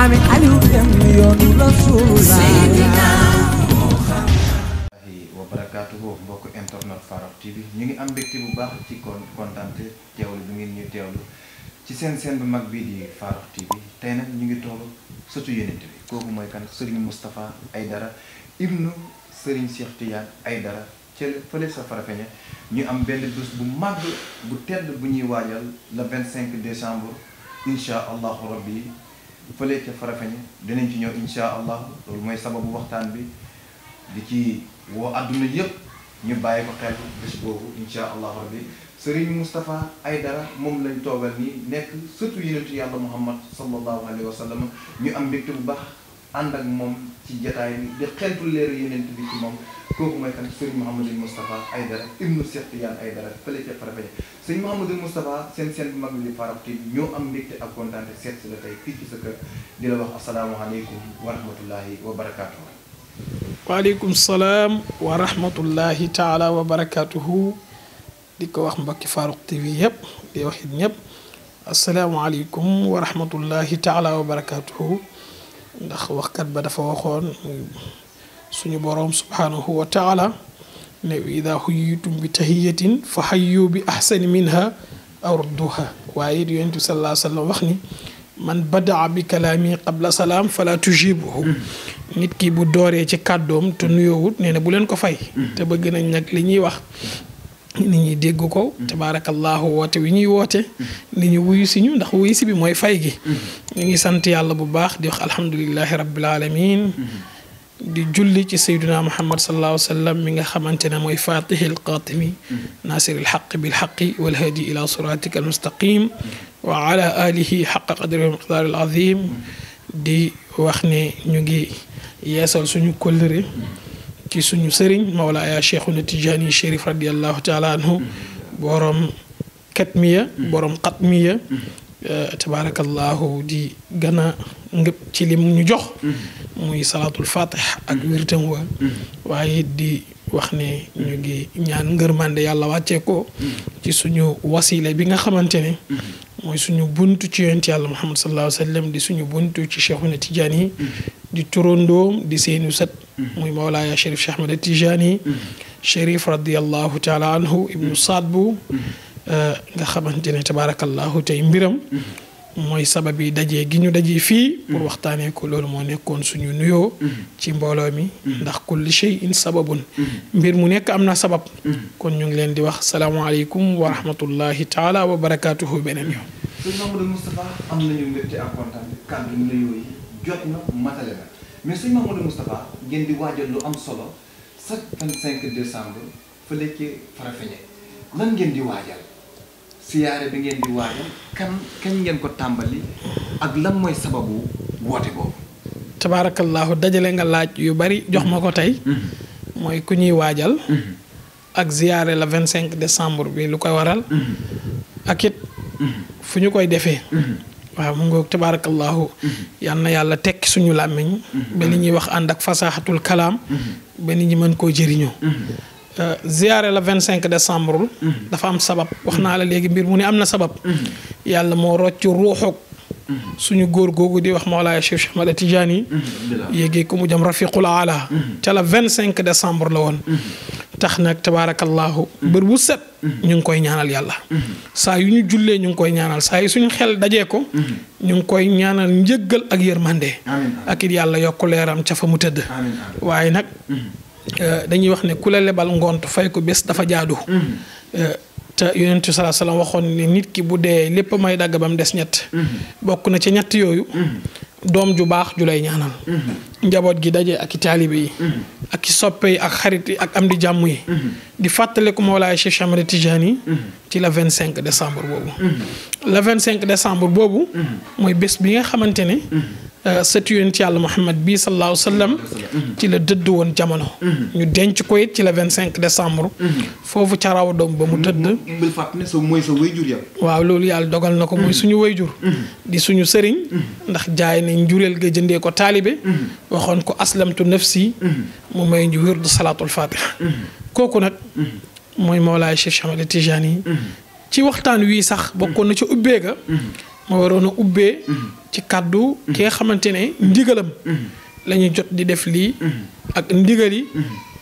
maami Aliou dem mbokk internet Farokh TV ñu ngi am mbégte bu baax ci kon kontante teewlu bi ngeen ñu teewlu ci seen seen bu mag bii di Farokh TV tey nag ñu ngi toll sëtu yonent bi kooku mooy kan Serigne Moustapha Aydara ibnu Serigne Cheikh Tidiane Aydara ca fële sa Farafeñe ñu am benn bés bu màgg bu tedd bu ñuy waajal le 25 décembre incha allahu rabbi fële ca Farafeñe dinañ ci ñëw insha allah loolu mooy sababu waxtaan bi di ci woo àdduna yëpp ñu bàyyi ko xel bés boobu insha allah rabbi Serigne Moustapha Aydara moom lañ toogal nii nekk surtout yonentu yàlla Muhammad sallallahu alayhi wa sallam ñu am mbégte bu baax ànd ak moom ci jataay bi di xeltu leeru yonent bi ci moom kooku mooy kan sëriñ Mouhamadul Moustapha Aydara ibnu Cheikh Tidiane Aydara fële ca Farafeñ sëriñ Mouhamadul Moustapha seen bi mag bi di Faraf TV ñoo am mbégte ak kontaan seet si la tey fii ci sa wa rahmatullahi wa barakaatu. salaam wa taala wa barakaatuhu di ko wax mbokki Faraf TV yëpp di wax it ñëpp asalaamaaleykum wa taala wa barakaatuhu waxkat ba dafa waxoon. suñu boroom subhaanahu wa taala ne ida huyitum bi tahiyatin fa hayyu bi ahsani minha aw rudduha waaye it yonent bi sallallahu alayhi wa sallam wax ni man badaa bi kalaami qabla salaam fala tujibuhu nit ki bu dooree ci kàddoom te nuyoowut nee na bu leen ko fay te bëgg nañ nag li ñuy wax nit ñi dégg ko tabaarakallahu woote wi ñuy woote nit ñi wuyu si ñu ndax wuyu si bi mooy fay gi ñu ngi sant yàlla bu baax di wax alhamdulilahi rabbil alamin di julli ci sayduna muhammad sallallahu mi nga xamante ne mooy faatihi alqaatimi naasiri alxaqi bilxaqi walhadi ila siratika almustaqim wa ala alihi xaqa qadri wa di wax ñu ngi yeesal suñu kóllëre ci suñu sëriñ mawlaaya cheikhuna tijaani chérif radiallahu taala anhu borom katmiya borom xatmiya Euh, tabaarakallaahu di gën a ci lim ñu jox. Mm-hmm. muy salaatul fatih ak mm-hmm. wértam mm-hmm. wa waaye di wax ni ñu ngi ñaan ngër ngërmande yàlla wàcceekoo ci suñu wasile bi nga xamante ne. mooy suñu bunt ci yonent yàlla muhammad sallallahu alayhi wa di suñu bunt ci cheikhuna tijaan yi. di turandoom di seenu sët. muy mawlaaya chérif Cheikh Ahmad Tijaan yi. chérif radiyallahu taala anhu ibnu saad Euh, nga xamante ne tabaarakallahu tey mbiram. mooy sabab yi dajee gi ñu dajee fii. pour waxtaanee ko loolu moo nekkoon suñu nuyoo. ci mbooloo mi. ndax kulli shay'in sababun. mbir mu nekk am na sabab. kon ñu ngi leen di wax salaamaaleykum wa rahmatullahi taala wa barakaatuhu beneen yoon. sëñ am nañu mbégte waajal lu am solo chaque 25 décembre fële ca Farafeñe lan ngeen di waajal. siyaare bi ngeen di waajal kan kañ ko tàmbali ak lan mooy sababu woote boobu. tabaarakallaahu dajale nga laaj yu bari jox ma ko tey. Mm-hmm. mooy ku ñuy waajal. Mm-hmm. ak ziyaare la vingt cinq décembre bi lu koy waral. Mm-hmm. ak it fu ñu koy defee. waaw mu ngoog tabaarakallaahu yal na yàlla tekki suñu làmmiñ. ba li ñuy wax ànd ak fasaaxatul kalaam. ba nit ñi mën koo jëriñoo. Euh, ziyaare la vingt cinq décembre. dafa am sabab wax naa la léegi mbir mu ne am na sabab. yàlla moo rocc ruuxu. suñu góor googu di wax Mawlaaya Cheikh Cheikh Ahmad Tijaani yi yéegi ko mu jëm rafiqul ala ca la vingt cinq décembre la woon tax nag tabaarakallahu bër bu set ñu ngi koy ñaanal yàlla saa yu ñu jullee ñu ngi koy ñaanal saa yu suñu xel dajee ko ñu ngi koy ñaanal njëgal ak yërmande ak it yàlla yokk leeram ca fa mu tëdd waaye nag mm-hmm. Euh, dañuy wax ne ku la lebal ngont fay ko bés dafa jaadu. Mm. Euh, te yonent bi waxoon ne nit ki bu dee lépp may dagg ba mu des ñett. Mm. bokk na ci ñett yooyu. Mm. doom ju baax ju lay ñaanal. njaboot gi daje ak i taalibe yi. Mhm. ak i soppe yi ak xarit yi ak am di jàmm yi. Mhm. di fàttaliku Mawlaay Cheikh Chamara Tijaan yi. Mhm. ci la vingt cinq décembre boobu. la vingt cinq décembre boobu. mooy bés bi nga xamante ne. Euh, sëtu yonent yàlla Muhammad bii sallallahu sallam ci la dëdd woon jamono. ñu denc ko it ci la vingt cinq décembre. foofu ca raw doom ba mu tëdd. mu mooy sa wayjur waaw loolu yàlla dogal na ko mooy suñu wayjur. di suñu sëriñ. ndax jaay nañ njureel ga jëndee ko taalibe. waxoon ko aslamtu nafsi mm-hmm. mu may ñu wirdu salaatul fatiha mm-hmm. kooku nag mm-hmm. mooy Mawlaay Cheikh Ahmad Tijaani ci waxtaan wii sax bokkoon na ci ubbee ga ma waroon a ubbee ci kàddu ki nga xamante ne ndigalam la jot di def lii ak ndigali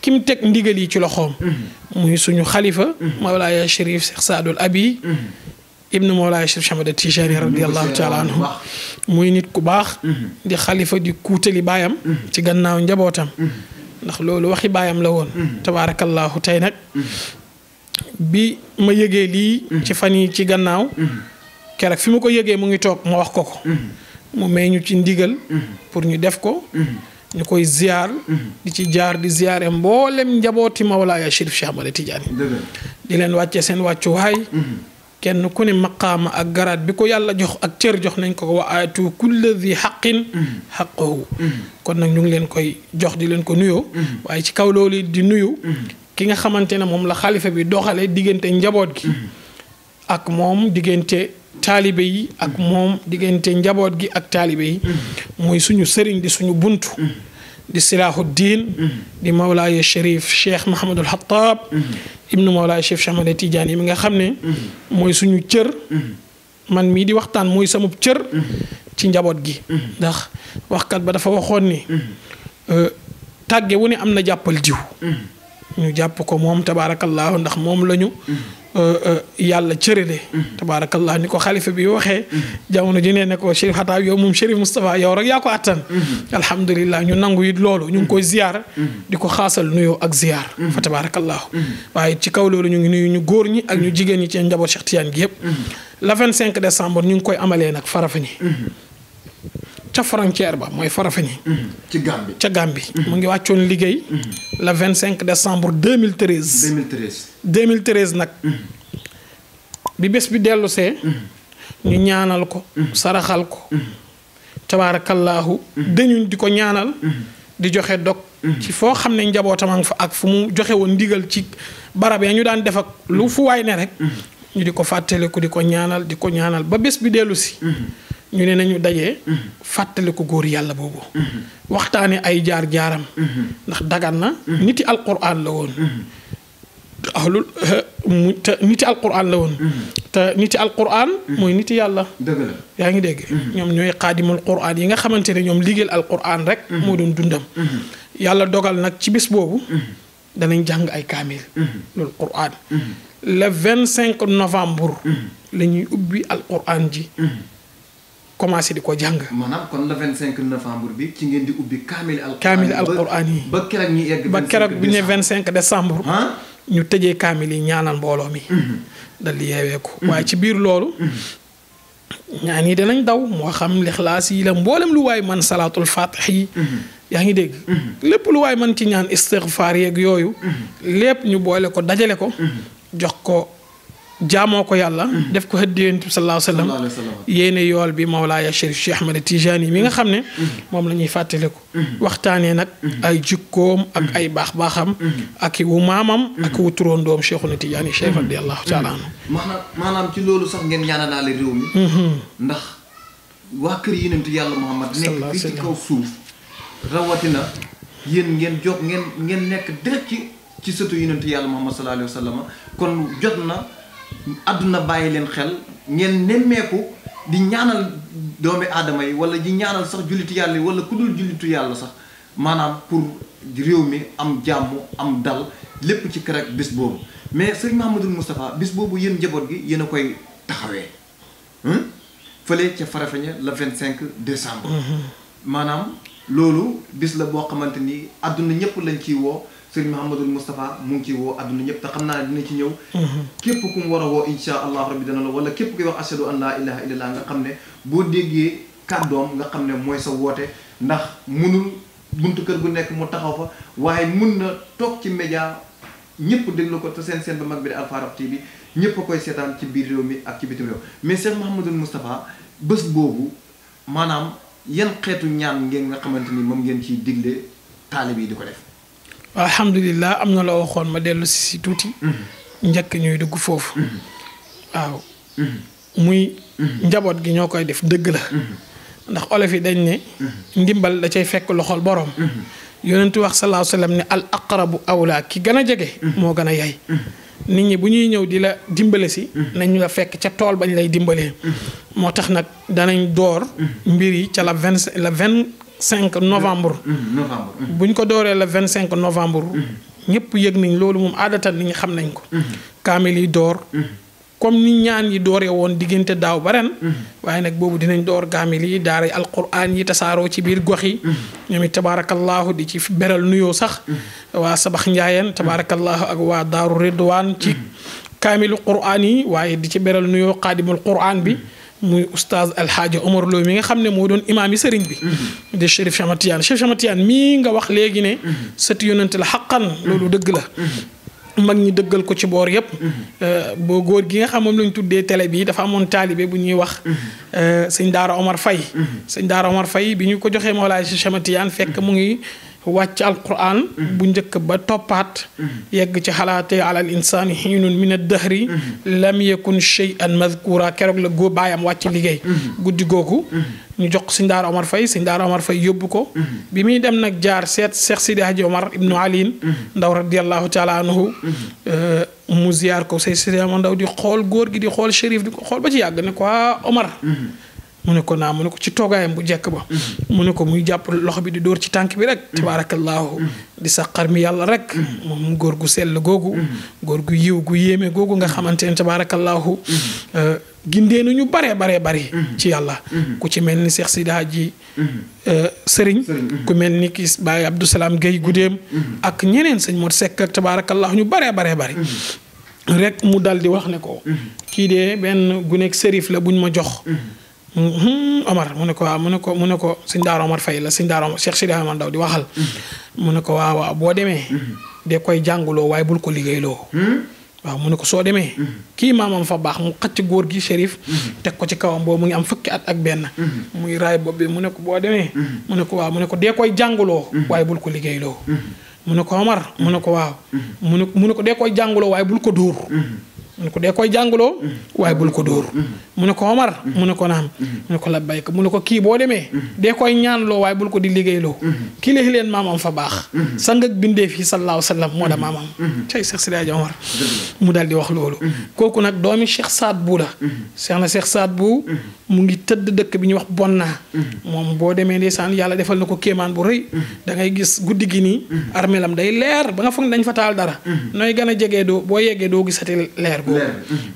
kim teg ndigal yi ci loxoom muy suñu xalifa Mawlaaya Chérif Cheikh Saadul Abi ibnu Mawlaay Cheikh Ahmad Tijaani radiyallahu taala anhu muy nit ku baax. Mm-hmm. di xalifa di kuutali baayam. Mm-hmm. ci gannaaw njabootam. Mm-hmm. ndax loolu waxi baayam la woon. tabaarakallahu tey nag. bi ma yëgee lii. ci fan yi ci gannaaw. keroog fi ma ko yëgee mu ngi toog ma wax ko ko. mu may ñu ci ndigal. pour ñu def ko. ñu koy ziar. di ci jaar di ziare mboolem njabooti Mawlaaya Cheikh Ahmad Tijaani. di leen wàccee seen wàccuwaay. kenn ku ne maqaama ak garaat bi ko yàlla jox ak cër jox nañ ko ko wa aatu kulla di xaqin xaqahu mm-hmm. mm-hmm. kon nag ñu ngi leen koy jox di leen ko nuyoo mm-hmm. waaye ci kaw loolu di nuyu ki nga xamante ne moom la xalifa bi doxale diggante njaboot gi ak moom diggante taalibe yi ak moom diggante njaboot gi ak taalibe yi muy suñu sëriñ di suñu buntu لسلاح الدين لمولاي الشريف الشيخ محمد الحطاب ابن مولاي الشيخ شيخ محمد التيجاني ميغا خامني موي سونو تير مان مي دي وقتان موي سامو تير تي نجابوت جي داخ وقت با دا فا واخوني تاغي ووني امنا جابال ديو ني جابكو موم تبارك الله داخ موم لا Euh, euh, yàlla cërale mhm. tabaarakallah ni ko xalifa bi waxee mhm. jamono ji nee ne ko chérif xataa yow moom chérif moustapha yow rek yaa ko attan mhm. alhamdulilah ñu nangu it loolu ñu ngi koy ziyaar di ko xaasal nuyoo ak ziyaar fa tabaarakallahu waaye ci kaw loolu ñu ngi nuyu ñu góor ñi ak ñu jigéen ñi ci njaboot Cheikh Tidiane gi yëpp la vingt cinq décembre ñu ngi koy amalee nag Farafeñi ca frontière ba mooy Farafeñi ci Gambie ca Gambie mu ngi wàccoon liggéey la 25 décembre 2013 2013 2013 nag mm-hmm. bi bés bi dellusee mm-hmm. ñu ñaanal ko mm-hmm. saraxal ko tabaarakallaahu dañu di ko ñaanal di joxe dog ci foo xam ne njabootam ak fa ak fu mu joxewoon woon ndigal ci barab ya ñu daan def lu fu waay ne rek ñu di ko fàttaliku di ko ñaanal di ko ñaanal ba bés bi dellu si ñu ne nañu dajee fàttaliku góor yàlla boobu waxtaane ay jaar jaaram ndax dagan na niti alquran la woon ahlul eh, mu te niti alquran la woon. Mhm. te niti alquran. Mhm. mooy niti yàlla. dëgg yaa ngi dégg. Mhm. ñoom ñooy xaadimul quran yi nga xamante ne ñoom liggéeyal alquran rek. moo doon dundam. yàlla dogal nag ci bis boobu. danañ jàng ay kaamil. loolu quran. le vingt cinq novembre. la ñuy ubbi alquran ji. commencé di ko jàng. maanaam kon le 25 novembre bi ci ngeen di ubbi kaamil. alquran yi ba keroog ñuy egg. 25 décembre bi keroog cinq ñu nee 25 ñu tëjee kaamil yi ñaanal mbooloo mi. Mhm. dal yeewee ko. Mhm. waaye ci biir loolu. Mhm. ñaan yi danañ daw moo xam lixlaas yi la mboolem lu waay man salaatul fatix yi. yaa ngi dégg. lépp lu waay man ci ñaan istigfaar yeeg yooyu. lépp ñu boole ko dajale ko. jox ko. جاموكو يالا ديف كو هدي يونت صلى الله عليه وسلم يينه يول بي مولاي الشريف الشيخ احمد التيجاني ميغا خامني موم لا نيي فاتليكو وقتاني نك اي جيكوم اك اي باخ باخام اك و مامام اك و ترون دوم شيخ التيجاني شيخ عبد الله تعالى مانام مانام تي لولو صاح نين نانا لي ريومي نده وا كير يينت يالا محمد نيك في كو سوف رواتينا يين نين جوك نين نين نيك ديريكت تي سوتو يينت يالا محمد صلى الله عليه وسلم كون جوتنا àdduna bàyyi leen xel ngeen nemmeeku di ñaanal doomi aadama yi wala di ñaanal sax jullitu yàlla yi wala ku dul jullitu yàlla sax maanaam pour réew mi am jàmm am dal lépp ci keroog bis boobu mais sëriñ Mahamadul Moustapha bis boobu yéen njaboot gi yéen a koy taxawee fële ca Farafeñe le vingt cinq décembre mm-hmm. maanaam loolu bis la boo xamante ni àdduna ñëpp lañ ciy woo sëriñ Mouhamadul Moustapha mu ngi ciy woo adduna ñëpp te xam naa dina ci ñëw mhm. képp ku mu war a woo insha allahu rabbi dana la wala képp kuy wax ashadu an laa ilaha illallah nga xam ne boo déggee kàddoom nga xam ne mooy sa woote ndax munul buntu kër gu nekk mu taxaw fa waaye mun na toog ci média ñëpp déglu ko te seen seen ba mag bi di Alpha Rap bi ñëpp koy seetaan ci biir réew mi ak ci bitim réew mais Cheikh Mouhamadul Moustapha bés boobu maanaam yan xeetu ñaan ngeen nga xamante ni moom ngeen ciy digle taalib yi di ko def alhamdulilah am na la waxoon ma dellu si si tuuti. Mm-hmm. njëkk ñuy dugg foofu. Mm-hmm. waaw. Mm-hmm. muy. njaboot gi ñoo koy def dëgg la. ndax olof yi dañ ne. ndimbal da cay fekk loxol boroom. yonentu wax salaa salaam ne al aqrabu awlaa ki gën a jege. moo gën a yay. nit ñi bu ñuy ñëw di la dimbale si. nañ la fekk ca tool bañ lay dimbalee. moo tax nag danañ door. mbir yi ca la vingt la vingt cinq novembre. Mm, novembre. Mm. bu ko dooree la vingt cinq novembre. Mm. ñëpp yëg nañ loolu moom aadatan li ñu xam nañ ko. kaamil yi door. comme ni ñaan yi dooree woon diggante daaw ba ren. waaye nag boobu dinañ door kaamil yi daara alquran yi tasaaroo ci biir gox yi. ñoom it tabaarakallaahu di ci beral nuyoo sax. waa Sabax Njaayeen tabaarakallaahu ak waa Daaru Ridwaan ci kaamilu quran yi waaye di ci beral nuyoo xaadimul quran bi. muy oustaz alxaaji Omar Lo mi nga xam ne moo doon imaam yi sëriñ bi di Chérif Cheikh Ahmad Tidiane mii nga wax léegi ne sët yonent la xaqan loolu dëgg la mag ñi dëggal ko ci boor yëpp eh, boo góor gi nga xam moom lañ tuddee télé bi dafa amoon taalibe bu ñuy wax eh, sëñ Daara Omar fay mm-hmm. sëñ Daara Omar fay bi ñu ko joxee Mawlaay Cheikh Ahmad Tidiane fekk mu ngi وات القران بو نك با توبات يغ تي حالات على الانسان حين من الدهر لم يكن شيئا مذكورا كرو لا غو بايام وات ليغي غودي غوكو ني جوخ سين دار عمر فاي سين دار عمر فاي يوبكو بي مي دم نك جار سيت شيخ سيدي حاج عمر ابن علي ندور رضي الله تعالى عنه مو زيار كو سي سيدي عمر داو دي خول غور دي خول شريف دي خول با تي ياغ نكو عمر mu ne ko naa mu ne ko ci toogaayam bu jekk ba mm-hmm. mu ne ko muy jàpp loxo bi di dóor ci tànk bi rek mm-hmm. tabaarakallaahu mm-hmm. di saqar mi yàlla rek moom góor gu sell googu góor gu yiw gu yéeme googu nga xamante ne tabaarakallaahu euh, gindee nañu bare bare bare ci yàlla ku ci mel ni Seex Sidi Haaji euh, ku mel ni ki Baay Abdou Salaam Guèye Gudéem ak ñeneen sëñ Mor Seck ak ñu bare bare bare mu dal di wax ne ko kii dee benn gu nekk sërif la buñ ma jox Omar mu ne ko waaw mu ne ko mu ne ko sëñ Daara Omar Faye la sëñ Daara Omar Cheikh Sidi Ahmad di waxal. mu ne ko waaw waaw boo demee. de koy jàngaloo waaye bul ko liggéeyloo. waaw mu ne ko soo demee. kii maamam fa baax mu xacc góor gi shérif. teg ko ci kawam mu ngi am fukki at ak benn. muy raay bopp bi mu ne ko boo demee. mu ne ko waaw mu ne ko dee koy jàngaloo. waaye bul ko liggéeyloo. mu ne ko Omar mu ne ko waaw. mu ne mu ne ko dee koy jàngaloo waaye bul ko duur mu ne ko dee koy jàngaloo mm-hmm. waaye bul ko dóor mm-hmm. mu ne ko Omar mm-hmm. mu ne ko naam mu ne ko labbayka mu ne ko kii boo demee dee koy ñaanloo waaye bul ko di liggéeyloo kii léegi leen maamam fa baax sang ak bindeef yi sa sallam moo da maamam cay Cheikh Siraj Omar mu daal di wax loolu kooku nag doomi Cheikh Saad bu la Cheikh na Cheikh Saad bu mu ngi tëdd dëkk bi ñuy wax bon naa moom boo demee ndeysaan yàlla defal na ko kéemaan bu rëy da gis guddi gi nii armeelam day leer ba nga foog ne dañ fa taal dara nooy gën a jege doo boo yegee doo gisati leer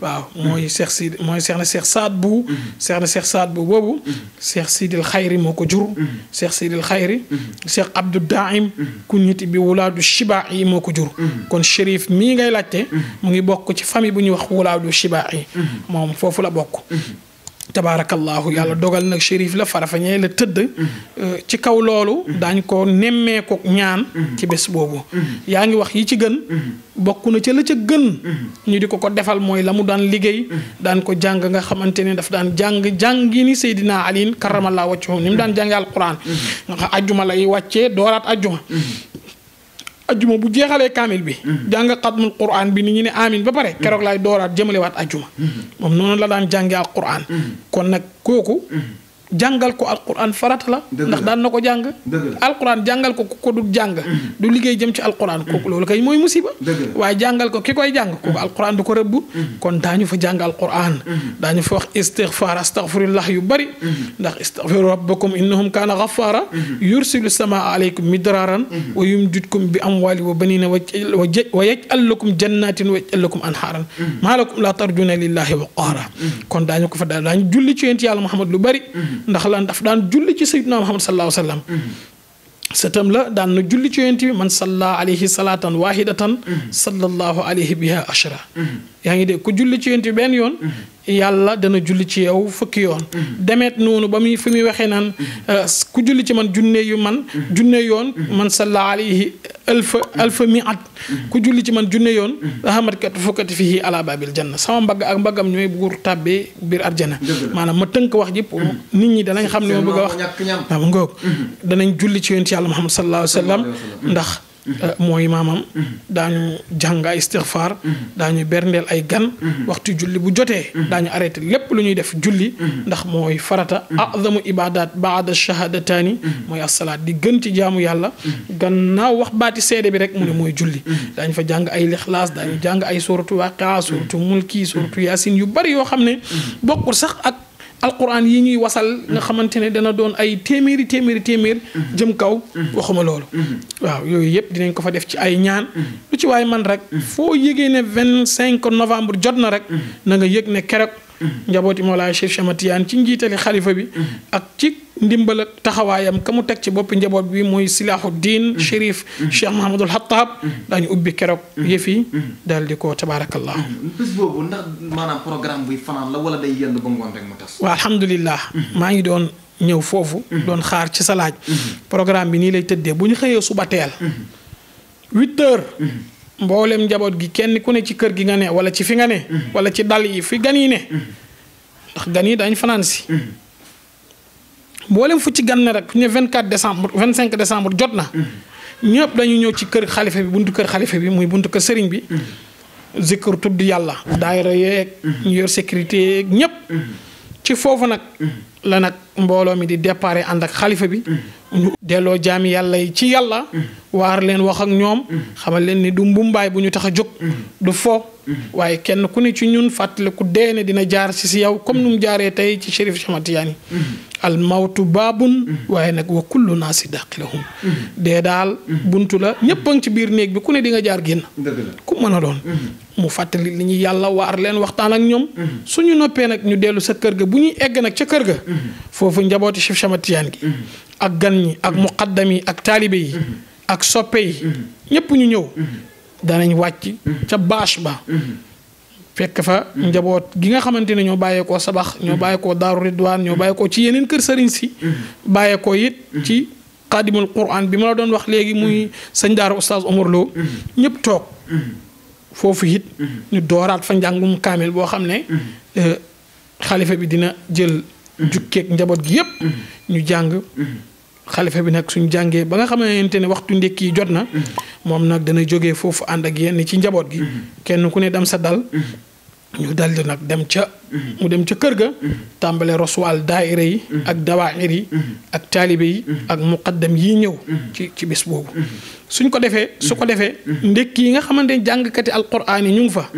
waaw mooy Cheikh Sidi mooy Cheikh na Cheikh Saad bu mm-hmm. Cheikh na Cheikh Saad bu boobu mm-hmm. Cheikh Sidil Xayri moo ko jur mm-hmm. Cheikh Sidil Xayri Cheikh Abdou Daim ku ñiti bi wulaadu Shibaa yi moo ko jur kon Chérif mii ngay laajte mu ngi bokk ci famille bu ñuy wax wulaadu Shibaa yi moom foofu la bokk tabaarakallaahu yàlla dogal nag shérif la ñee la tëdd. Euh, ci kaw loolu. daañ ko nemmeeku ñaan. ci bés boobu. yaa ngi wax yi ci gën. bokk na ca la ca gën. ñu di ko ko defal mooy la mu daan liggéey. daan ko jàng nga xamante ne daf daan jàng jàngi ni Seydina Aliin karamallaahu wajhahu ni mu daan jàngee alquran. nga xam ajjuma lay wàccee dooraat ajjuma. ajjuma bu jeexalee kaamil bi. Mhm. jàng xatmul quraan bi ni ñu ne amin ba pare. keroog mhm. laay dooraat jëmalewaat ajjuma. Mhm. moom noonu la daan jàngee ak quraan. kon nag kooku. jàngal ko alquran farat la. ndax dal nako jàng. alquran jàngal ko ko du jàng. du liggey jëm ci alquran. ko lolou kay moy musiba. way jàngal ko ki jàng. ko alquran du ko rëbb. kon dañu fa jàng alquran. dañu fa wax istighfar astaghfirullah yu bari. ndax istaghfiru rabbakum innahum kana ghaffara. yursilu samaa alaykum midraran wa yumdidkum bi amwali wa banina wa yaj'alukum jannatin wa yaj'alukum anharan malakum la tarjuna lillahi qara kon dañu ko fa dañu julli ci yent yàlla Muhammad lu bari. ndax lan daf daan julli ci sayyidina Muhammad sallallahu alayhi wa sallam sëtam la daan na julli ci yonent bi man salla alayhi salaatan waahidatan sallallahu alayhi biha ashra yaa ngi dégg ku julli ci yonent bi benn yoon yàlla dana julli ci yow fukki yoon. Mm-hmm. demet noonu ba muy fi muy waxee naan mm-hmm. euh, ku julli ci man junne yu man. Mm-hmm. junne yoon man salla alayhi alfa alfa mi at. ku julli ci man junne yoon. raxamat kat fukkati fii ala babil janna sama mbagg ak mbaggam ñooy buur tàbbee biir arjana. maanaam ma tënk wax ji nit ñi danañ xam ne ma bëgg wax. waaw ngoog danañ julli ci yoon ci yàlla Muhammad sallallahu alayhi wa ndax. Euh, mooy maamam daañu jàng ay istigfaar daañu berndeel ay gan waxtu julli bu jotee daañu arrêté lépp lu ñuy def julli ndax mooy farata azamu ibadat baada shahadataani mooy asalaat di gën ci jaamu yàlla gannaaw wax baati seede bi rek mu ne mooy julli daañu fa jàng ay lixlaas daañu jàng ay suratu a suratu mulki suratu yaasin yu bari yoo xam ne bokkul sax alquran yi ñuy wasal nga xamante ne dana doon ay téeméeri téeméeri téeméer jëm kaw waxuma loolu waaw yooyu yëpp dinañ ko fa def ci ay ñaan lu ci waaye man rek foo yëgee ne vingt cinq novembre jot na rek na nga yëg ne keroog njabooti Mawlaay Cheikh Ahmad Tijaan ci njiitali xalifa bi ak ci ndimbal taxawaayam ka mu teg ci boppi njaboot bi muy silaaxu diin shérif Cheikh Mahamadul Xataab dañu ubbi keroog yëf yi daal di ko tabaarakallah bés boobu ndax maanaam programme buy fanaan wala day yend ba ngoon rek mu tas waaw alhamdulilah maa ngi doon ñëw foofu doon xaar ci sa laaj programme bi nii lay tëddee bu ñu xëyee suba teel huit mboolem njaboot gi kenn ku ne ci kër gi nga ne wala ci fi nga ne. Mhm. wala ci dal yi fi gan yi ne. Mhm. ndax gan yi dañ fanaan si. Mhm. mboolem fu ci gan ne rek ne decembre décembre cinq decembre jot na. ñëpp dañu ñëw ci kër xalifa bi buntu kër xalifa bi muy buntu kër sëriñ bi. zikr tudd yàlla. daayira yeeg. ñu yor sécurité yeeg ñëpp. ci foofu nag la nag. mbooloo mi di déparé ànd ak xalifa bi delloo jaam yàlla yi ci yàlla waar leen wax ak ñoom xamal leen ni du mbumbaay bu ñu tax a jóg du fo waaye kenn ku ne ci ñun fàttaliku dee ne dina jaar si si yow comme nu mu jaaree tey ci shérif Cheikh Tidiane al baa baabun waaye nag wa kullu naasi daqilahum dee daal buntu la ñépp a ci biir néeg bi ku ne di nga jaar génn ku mën a doon mu fàttali li ñu yàlla waar leen waxtaan ak ñoom suñu noppee nag ñu dellu sa kër ga bu ñuy egg nag ca kër ga fofu njaboti chef Ahmad gi ak gan ñi ak muqaddam yi ak talibe yi ak soppe yi ñépp ñu ñëw nañ wàcc ca bash ba fekk fa njabot gi nga xamanteni ñoo baye ko sabax ñoo ko daru ridwan ñoo ko ci yeneen kër sëriñ si ko yit ci qadimul quran bima la doon wax legi muy sëñ daru oustaz Omar Lo ñëpp tok fofu hit ñu dooraat fa njàngum kamel bo xamne ne bi dina jël jukkeeg njaboot gi yëpp. ñu jàng. xalifa bi nag suñ jàngee ba nga xamante ne waxtu ndékki yi jot na. moom nag dana jóge foofu ànd ak yenn ci njaboot gi. kenn ku ne dem sa dal. ñu dal nag dem ca. mu dem ca kër ga. tàmbale roswaal daayira yi. ak dawaayir yi. ak taalibe yi. ak muqaddam yi ñëw. ci ci bés boobu. suñ ko defee su ko defee. ndékki yi nga xamante ne jàngkati alquraan yi ñu fa.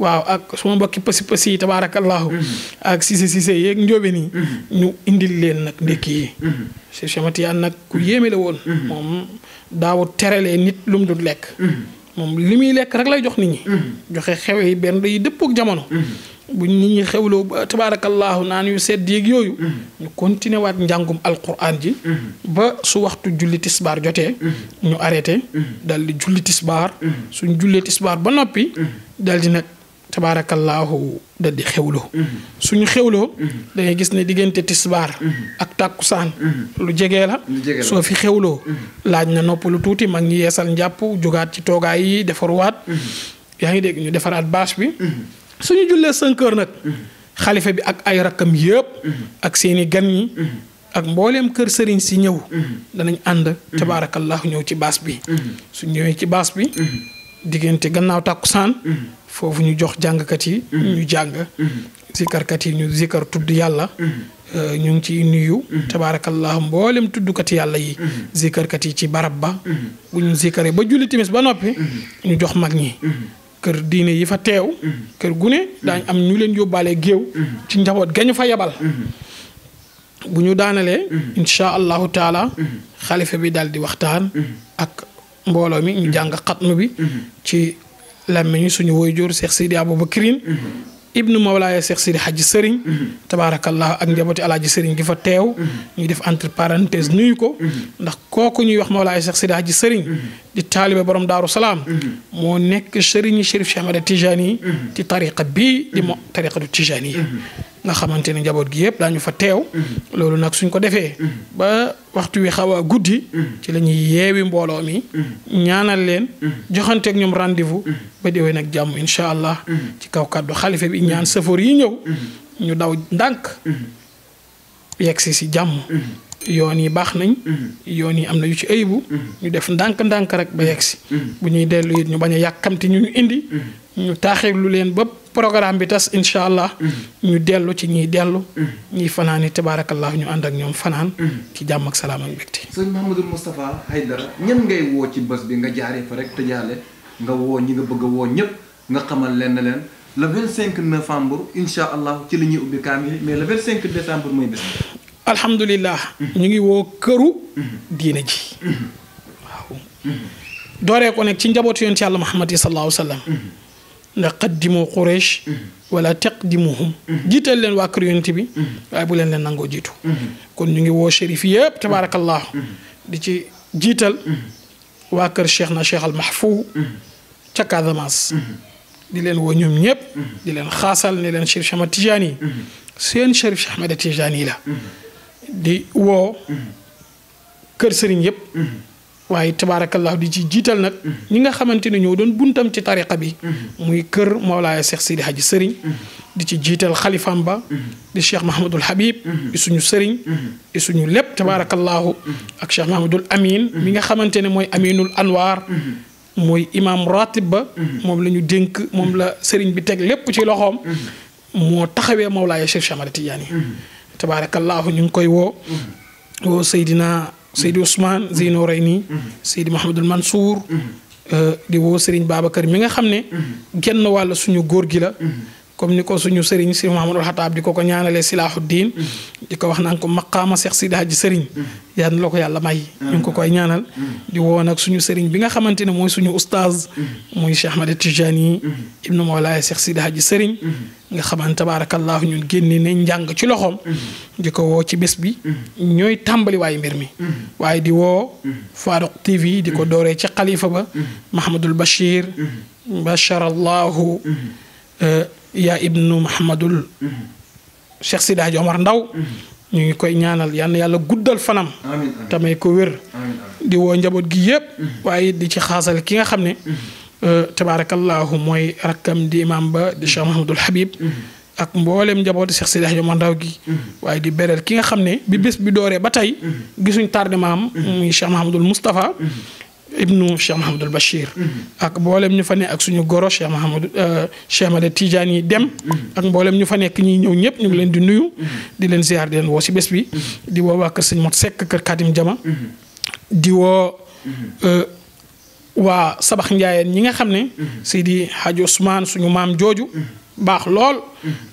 waaw ak suma mbokki pësi pësi yi tabaarakallaahu mm-hmm. ak sise sise yeeg njóobe nii mm-hmm. ñu indi leen nag ndékki yi si mm-hmm. chamatian nag ku yéeme la woon moom daawu terale nit lu mu lekk moom li muy lekk rek lay jox nit ñi joxe xewe yi benn day dëppook jamono bu nit ñi xewloo tabaarakallaahu naan yu sedd yéeg yooyu ñu continuer waat njàngum alquran ji ba su waxtu julli tisbaar jotee ñu arrêté dal di julli tisbaar suñ jullee tisbaar ba noppi dal di nag tabaarakallaahu da di xewloo mm-hmm. suñu xewloo mm-hmm. dangay gis ne diggante tisbaar mm-hmm. ak tàkkusaan lu jege la soo fi xewloo laaj na nopp lu tuuti mag ñi yeesal njàpp jógaat ci toogaay yi defaruwaat yaa ngi dégg ñu defaraat bâche bi suñu jullee cinq heures nag xalifa bi ak ay rakkam yëpp ak seeni gan ñi ak mbooleem kër sëriñ si ñëw danañ ànd tabaarakallaahu ñëw ci baas bi su ñëwee ci baas bi diggante gannaaw tàkkusaan foofu ñu jox jàngkat yi. Mm-hmm. ñu jàng. Mm-hmm. zikarkat yi ñu zikar tudd yàlla. Mm-hmm. Euh, ñu ngi ciy nuyu. tabaarakallah mboolem tuddkat yàlla yi. zikarkat yi ci barab ba. bu ñu zikaree ba julli timis ba noppi. ñu jox mag ñi. kër diine yi fa teew. kër gune daañ am ñu leen yóbbaale géew. ci njaboot gañu fa yebal. bu ñu daanalee. incha allahu taala. xalifa bi daal di waxtaan. ak mbooloo mi ñu jàng xatmu bi. ci. لمن يسوني ويجور شيخ سيدي أبو بكرين ابن مولاي شيخ سيدي حج سرين تبارك الله أن جابت على حج سرين كيف تأو يدف أنت بارنتز نيوكو نحكو كوني يخ مولاي شيخ سيدي حج سرين دي تالي ببرم دارو سلام مونك شرين شريف شهمد تجاني دي طريقة بي دي طريقة تجاني nga xamante ni njaboot gi yëpp daañu fa teew. Mhm. loolu nag suñ ko defee. Mhm. ba waxtu wi xaw a guddi. Mhm. ci la ñuy yeewi mbooloo mi. ñaanal leen. joxanteeg ñoom rendez-vous. ba déwén allah. ci kaw kàddu xalife bi ñaan safoor yi ñëw. ñu daw ndànk. yegg si si jàmm. yoon nañ. yoon yi yu ci ayibu. ñu def ndànk-ndànk rek ba yegg bu ñuy dellu it ñu bañ a ñu indi. ñu taaxeelu leen bopp. programme bi tas incha allah. Mm-hmm. ñu dellu ci ñiy dellu. Mm-hmm. ñiy fanaani tabaarakallah ñu ànd ak ñoom fanaan. Mm-hmm. ci jàmm ak salaam ak mbégte. sëñ Mouhamadou Moustapha Haydara ñan ngay woo ci bés bi nga jaaree fa rek te jaale nga woo ñi nga bëgg a woo ñëpp nga xamal leen ne leen le 25 novembre incha allah ci la ñuy ubbi kaamil mais la 25 décembre mooy bés bi. alhamdulilah. ñu ngi woo këru. diine ji. waaw. dooree ci njabootu yoon ci yàlla Muhammad sallallahu alayhi wa نقدموا قريش ولا تقدموهم جيتال لين وا كريونتي بي واي بو لين لين نانغو جيتو كون نيغي وو شريف ييب تبارك الله دي تي جيتال وا كر شيخنا شيخ المحفو تا كازاماس دي لين وو نيوم نييب دي لين خاصال ني لين شريف شمت تيجاني سين شريف احمد تيجاني لا دي وو كر سيرين ييب waaye tabaarakallah di ci jiital nag ñi nga xamante ne ñoo doon buntam ci tariqa bi muy kër Mawlaaya Cheikh Sidi Hadji Sëriñ di ci jiital xalifaam ba di Cheikh Mahamadul Habib di suñu sëriñ di suñu lépp tabaarakallahu ak Cheikh Mahamadul Amin mi nga xamante ne mooy Aminul Anwar mooy imaam ratib ba moom la ñu dénk moom la sëriñ bi teg lépp ci loxoom moo taxawee Mawlaaya Cheikh Cheikh Ahmad Tidiane ñu ngi koy woo woo Seydi Ousmane mm-hmm. Zeyno Reyni mm-hmm. Seydi Mouhamadul Mansour mm-hmm. euh, di woo Serigne Babacar mi nga xam ne genn wàll suñu góor gi la comme ni ko suñu sëriñ si Mouhamadul Xataab di ko ko ñaanalee silaaxu diin di ko wax naan ko maqaama Seex Sidi Haaji sëriñ yal na la ko yàlla may ñu ngi ko koy ñaanal di woo nag suñu sëriñ bi nga xamante ne mooy suñu ustaaz muy Cheikh Ahmad Tijani ibnu Mawlaaya Seex Sidi Haaji sëriñ nga xamante tabaarakallaahu ñun génne ne njàng ci loxoom di ko woo ci bés bi ñooy tàmbali waaye mbir mi waaye di woo Farokh TV di ko dooree ci xalifa ba Mahamadul Bachir bachar يا ابن محمد الشيخ سيد حاج عمر نداو نيغي كوي نيانال يان يالا غودال فنام تامي كو وير دي و نجابوت جي ييب واي دي سي خاصال كيغا خامني تبارك الله موي ركام دي امام با دي شيخ محمود الحبيب ak mbollem njabot cheikh sidi ahmed mandaw mm-hmm. gi mm-hmm. way di berel ki nga xamne mm-hmm. euh, bi bes bi doore batay gisuñ tardement am cheikh mahamoudou mustapha ibnu Cheikh Mahamadul Bachir. Mm-hmm. ak mboolem ñu fa ne ak suñu goro Cheikh Mahamadou euh, Cheikh Ahmad Tidiane yi dem. Mm-hmm. ak mbooleem ñu fa nekk ñiy ñëw ñëpp ñu ngi leen di nuyu. Mm-hmm. di leen ziar di leen woo si bés bi. di woo waa kër sëñ Mot sekk kër Kadim Jama. di woo. Euh, waa Sabax Njaayeen ñi nga xam ne. di Hadj Ousmane suñu maam jooju. baax lool.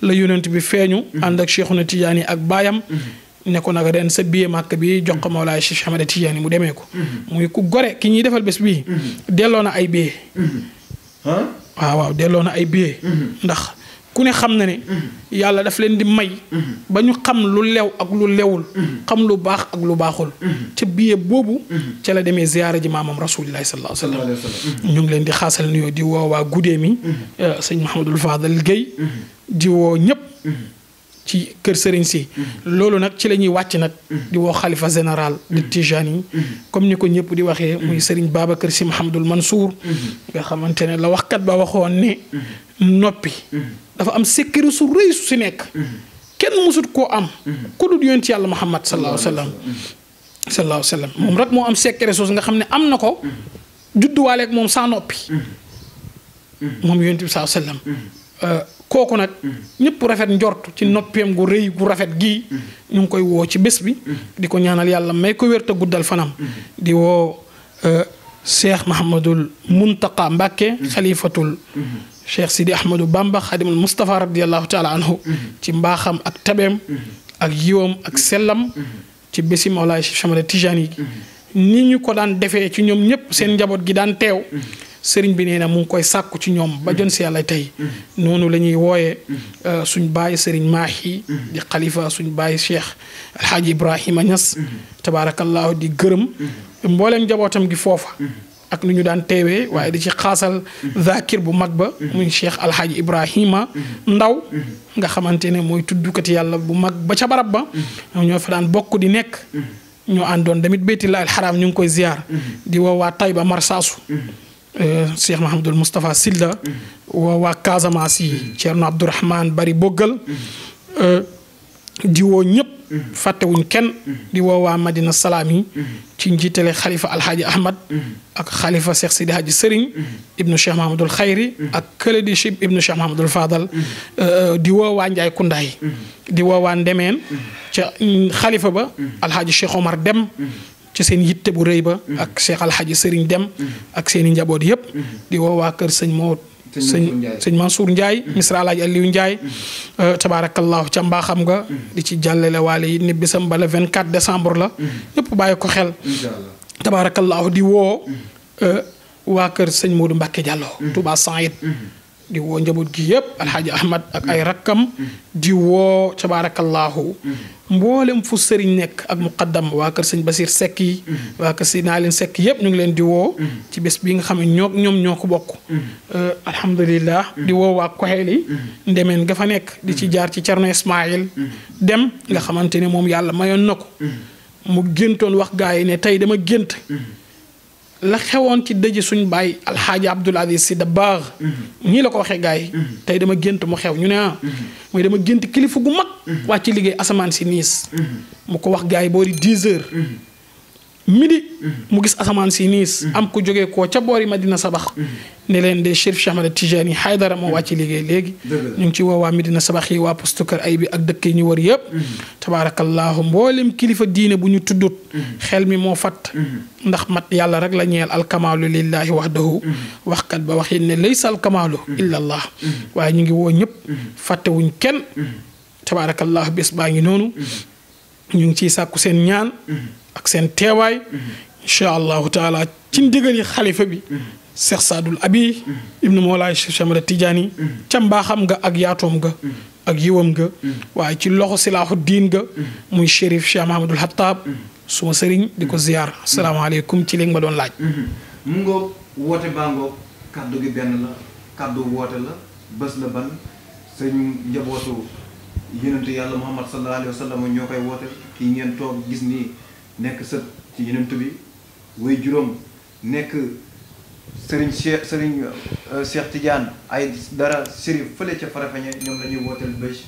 la yonent bi feeñu. ànd ak Cheikhuna Tidiane yi ak baayam. ne ko nag ren sa billet màkk bi jox ko Mawlaay Cheikh Ahmada Tidiane mu demee ko. muy ku gore ki ñuy defal bés bii. delloo na ay billet. waaw waaw delloo na ay billet. Mm-hmm. ndax ku ne xam na ne. Mm-hmm. yàlla daf leen di may. Mm-hmm. ba ñu xam lu lew ak lu lewul. xam lu baax ak lu baaxul. ca billet boobu. ca la demee ziyaara ji maamam rasulilah sa alayhi wa sallam. ñu ngi leen di xaasal nuyoo di woo waa guddee mi. Euh, sëñ Mouhamadul Fadal Guèye. di woo ñëpp. ci kër sëriñ si loolu nag ci la ñuy wàcc nag di woo xalifa général de Tijani yi comme ni ko ñëpp di waxee muy sëriñ Babacar Si Mahamadul Mansour nga xamante ne la waxkat ba waxoon ne noppi dafa am sékkëri su rëy su si nekk kenn mësut koo am ku dul yonent yàlla Muhammad sallallahu sallam sallallahu sallam moom rek moo am sékkëri su nga xam ne am na ko judduwaaleeg moom saa noppi moom yonent sa sallallahu kooku nag ñëpp rafet njort ci mm. noppeem gu rëy gu rafet gii mm. ñu ngi koy woo ci bés bi mm. di ko ñaanal yàlla may ko wér guddal fanam di woo euh, cheikh mahamadul muntaqa mbàkke xalifatul cheikh sidi ahmadou bamba xadimul moustapha radiallahu taala anhu ci mbaaxam ak tabeem ak yiwam ak sellam ci bési mawlaay cheikh chamada tijani yi ni ñu ko daan defee ci ñoom ñëpp seen njaboot gi daan teew sëriñ bi nee na mu ngi koy sàkku ci ñoom ba jon si yàlla tey noonu la ñuy wooyee euh, suñ bàyyi sëriñ Maahi di xalifa suñ bàyyi cheikh alhaaji Ibrahima Niass tabaarakallaahu di gërëm mbooleem njabootam gi foofa ak nu ñu daan teewee waaye di ci xaasal zakir bu mag ba muy cheikh alhaaji Ibrahima ndaw nga xamante ne mooy tuddukati yàlla bu mag ba ca barab ba ñoo fa daan bokk di nekk ñoo àndoon tamit bayti laahil xaraam ñu ngi koy ziar di woo waa ba marsaasu Cheikh Mahamadul Moustapha Sylla waa Casamance yi Thierno Abdourahmane Bari Boggal di woo ñëpp fàttewuñ kenn di woo waa Madina Salaam yi ci njiitale xalifa alxaaji Ahmad ak xalifa Cheikh Sidi Hadji Serigne ibnu Cheikh Mahamadul Xayri ak kële di Chib ibnu Cheikh Mahamadul Fadal di woo waa Njaay Kundaa yi di woo waa Ndemeen ca xalifa ba alxaaji Cheikh Omar Dem ci seen yitte bu rëy ba. Mm-hmm. ak Cheikh Al Hadj Dem. Mm-hmm. ak seen i njaboot yëpp. Mm-hmm. di woo waa kër sëñ moo sëñ sëñ Mansour Ndiaye misra Alaaji Aliou Ndiaye euh, tabaarakallaahu ca mbaaxam nga di ci jàllale waale yi ni bisam ba le 24 décembre la ñëpp bàyyi ko xel tabaarakallaahu di woo euh, waa kër sëñ Modou Mbacke Diallo Touba Saïd di woo njaboot gi yëpp alxaaji ahmad ak ay rakkam di woo tabaarakallaahu mboolem fu sëriñ nekk ak muqaddam waa kër sëñ Basir Seck yi waa kër si naa leen sekk yëpp ñu ngi leen di woo ci bés bi nga xam ne ñoom ñoo ko bokk euh, alhamdulilah di woo waa Koxeel yi ndemeen nga fa nekk di ci jaar ci Cerno Ismaïl dem nga xamante ne moom yàlla mayoon na ko mu géntoon wax gaa yi ne tey dama gént la xewoon ci dëj suñ bàyyi alxaaji Abdul Aziz si da baax nii la ko waxee gars yi tey dama gént mu xew ñu ne ah mooy dama gént kilifa gu mag wàcc liggéey asamaan si niis mu ko wax gars yi boori 10 heures midi mhm. mu gis asamaan si niis mhm. am ko jóge koo ca boori Madina Sabax mhm. ne leen de Chérif Cheikh Ahmed Tidiane Haydara moo wàcc liggéey léegi ñu ngi ci woo waa Madina Sabax yi waa postu Kër Ayib bi ak dëkk yi ñu wër yëpp tabaarakallaahu mboolem kilifa diine bu ñu tuddut xel mi moo fatt ndax mat yàlla rek la ñeel alkamaalu lillahi wahdahu waxkat ba waxin ne laysa alkamaalu illa allah waaye ñu ngi woo ñëpp fàttewuñ kenn tabaarakallaahu bés baa ngi noonu ñu ngi ciy sàkku seen ñaan ak seen teewaay incha allahu taala ci ndigali xalifa bi Cheikh Sadul Abi ibnu Mawlaay Cheikh Chamara Tidiane ca nga ak yaatoom nga ak yiwam nga waaye ci loxo silaaxu diin nga muy shérif Cheikh Mahamadul Hattab suma sëriñ di ko ziyaar asalaamaaleykum ci léegi ma doon laaj mu ngoog woote baa ngoog kàddu gi benn la kàddu woote la bés la ban sëñ njabootu yonente toog gis nii nekk sët ci yenent bi way juróom nekk sëriñ Cheikh sëriñ euh, Cheikh Tidiane ay dara sëriñ fële ca Farafeñe ñoom la ñuy wooteel bés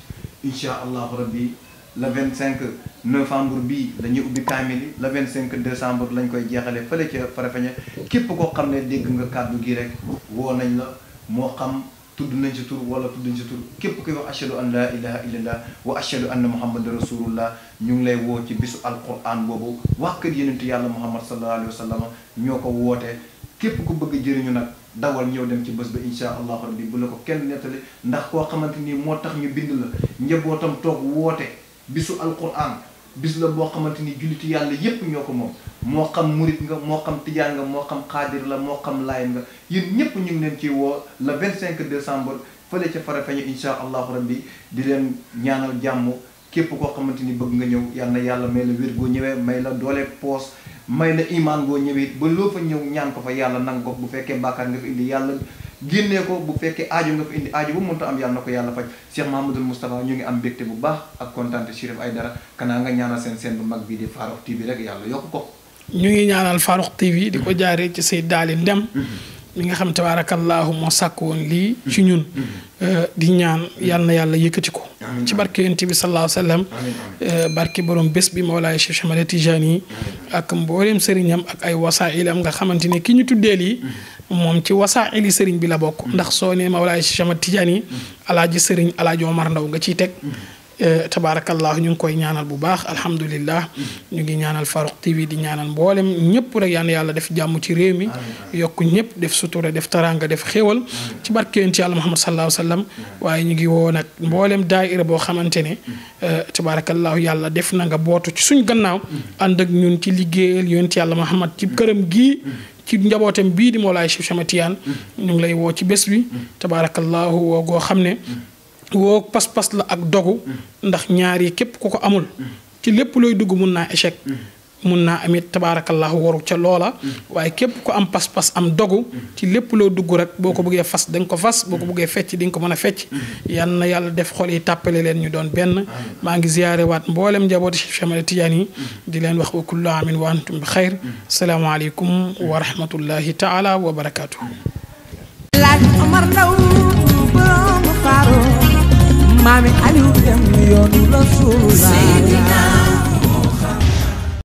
incha allahu rabbi le 25 novembre bii la ñuy ubbi kaamil le 25 décembre lañ koy jeexale fële ca Farafeñe képp koo xam ne dégg nga kàddu gi rek woo nañ la moo xam tudd nañ ci tur wala tudd nañ ci tur képp kuy wax ashadu an laa ilaha illallah wa ashadu anna muhammad rasulullah ñu ngi lay woo ci bisu alquran boobu wax kër yenentu yàlla muhammad sallallahu alayhi wa sallam ñoo ko wootee képp ku bëgg jëriñu nag dawal ñëw dem ci bés ba insha allahu rabbi bu la ko kenn nettali ndax koo xamante nii moo tax ñu bind la njabootam toog woote bisu alquran bis la boo xamante ni julliti yàlla yépp ñoo ko moom moo xam murit nga moo xam tijaan nga moo xam xaadir la moo xam laay nga yéen ñépp ñu ngi leen ci woo le 25 décembre fële ca Farafeñe insha allahu bi di leen ñaanal jàmm képp koo xamante ni bëgg nga ñëw yàlla na yàlla may la wér goo ñëwee may la doole poos may la imaan goo ñëwee ba loo fa ñëw ñaan ko fa yàlla nang ko bu fekkee bàkkaar nga fi indi yàlla génnee ko bu fekkee aajo nga fa indi aajo bu mënta am yàlla na ko yàlla faj Cheikh Mahamadul Moustapha ñu ngi am mbégte bu baax ak kontaante Chérif Aïdara kanaa nga ñaanal seen seen bu mag bii di Farokh TV rek yàlla yokk ko ñu ngi ñaanal Farokh TV di ko mm-hmm. jaaree ci say daali ndem mm-hmm. mi nga xam tabaarakallaahu moo sàkk woon lii ci ñun euh, di ñaan yal na yàlla yëkkati ko ci barke yonent bi sallallaahu alayhi wa euh, barke borom bés bi Mawlaay Cheikh Ahmad Tijaan yi ak mbooleem sëriñam ak ay wasaa'ilam nga xamante ne ki ñu tuddee lii moom ci wasaa'ili sëriñ bi la bokk mm. ndax soo ne Mawlaay Cheikh Ahmad Tijaan yi mm. alaaji sëriñ alaaji Omar Ndaw nga ciy teg mm. Eh, tabaarakallah ñu ngi koy ñaanal bu baax alhamdulillah mm-hmm. ñu ngi ñaanal Farokh TV di ñaanal mboolem ñëpp rek yal yàlla def jàmm ci réew mi yokk ñëpp def sutura def taranga def xéewal ci barkeen ci yàlla Muhammad sallallahu alayhi wasallam waaye ñu ngi woo nag mboolem daaira boo xamante ne mm-hmm. eh, tabaarakallah yàlla def na nga bootu ci suñ gannaaw mm-hmm. ànd ak ñun ci liggéeyal yonent yàlla Muhammad ci këram gi ci njabootam bii di Mawlaay Cheikh Tidiane ñu ngi lay woo ci bés bi tabaarakallahu xam ne woo pas-pas la ak dogu ndax ñaar yi képp ku ko amul ci lépp looy dugg mun naa échec mun naa amit tabaarakallahu waru ca loola waaye képp ko am pas-pas am dogu ci lépp loo dugg rek boo ko buggee fas da nga ko fas boo ko bëggee fecc di ko mën a fecc yal na yàlla def xol yi tàppale leen ñu doon benn maa ngi ziyaare waat mboolem njabooti Cheikh Ahmed Tidiane yi di leen wax wa kullu amin wa antum bi xayr salaamaaleykum wa rahmatullahi taala wa barakaatu. Mami, ayúdame, yo no lo sola.